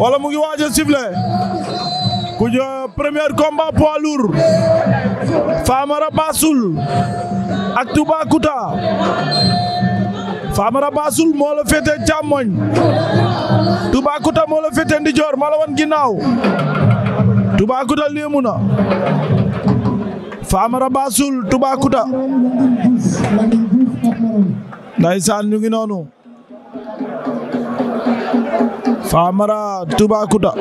wala mu ngi waaj a sifflé ku jë premier combat poids lourd Famara ak Toubacouta Famara Bassoul moo la féete càmmoñ Toubacouta moo féete ndijoor moo la wan ginnaaw Toubacouta léemu na Famara Bassoul Toubacouta ndaysaan ñu ngi noonu Famara Toubacouta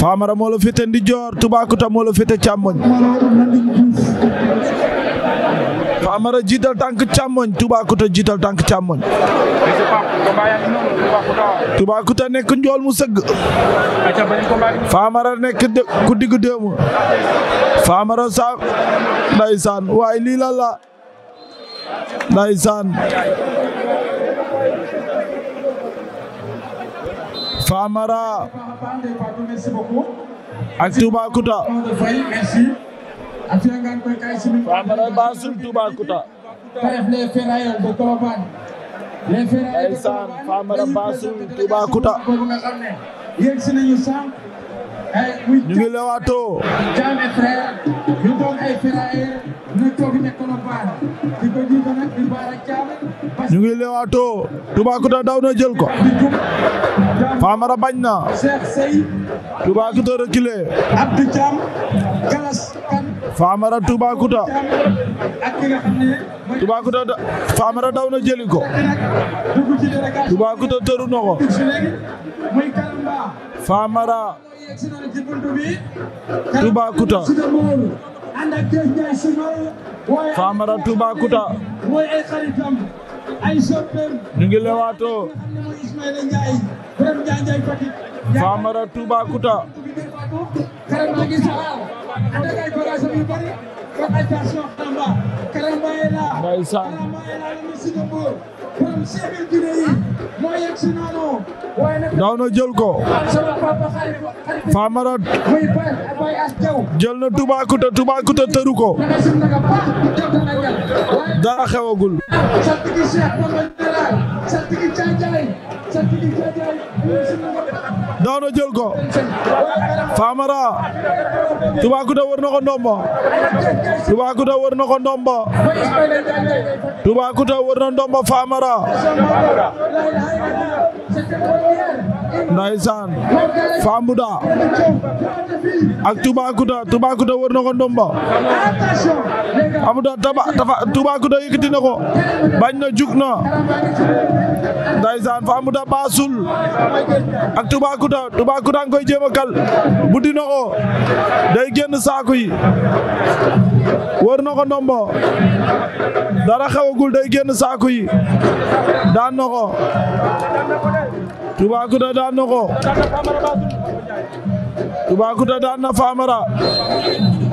Famara moo la féete ndijoor Toubacouta moo la féete càmmoñ Famara jiital tànk càmmoñ Toubacouta jiital tànk càmmoñ Toubacouta nekk njool mu sëgg Famara nekk ku diggu dëemu Famara sa ndeysaan lii la la Bambara ak Toubacouta Bambara Bassoul Toubacouta ndeysaan Bambara Bassoul Toubacouta ñu ngi lewaatoo. ñu doon daw na jël ko. Famara bañ na. Cheikh Sey. Toubacouta reculé. Abdou Thiam. Galas daw na jëli ko. Toubacouta Famara Toubacouta Famara Toubacouta ñu ngi lewaatoo Famara Toubacouta ndeysaan daaw na jël ko Famara jël na Toubacouta Toubacouta tëru ko dara xewagul daaw na jël ko Famara Toubacouta wër na ko ndomba Toubacouta wër na ko ndomba se puede dar. ndaysaan Fambuda ak Toubacouta Toubacouta wër na ko ndomba Fambuda taba Toubacouta yëkkati bañ na juk na ndaysaan Fambuda baasul ak Toubacouta Toubacouta nga koy kal buddi na day génn saaku yi wër na ko ndombo dara xewagul day génn saaku yi daan na Toubacouta daan daan na Famara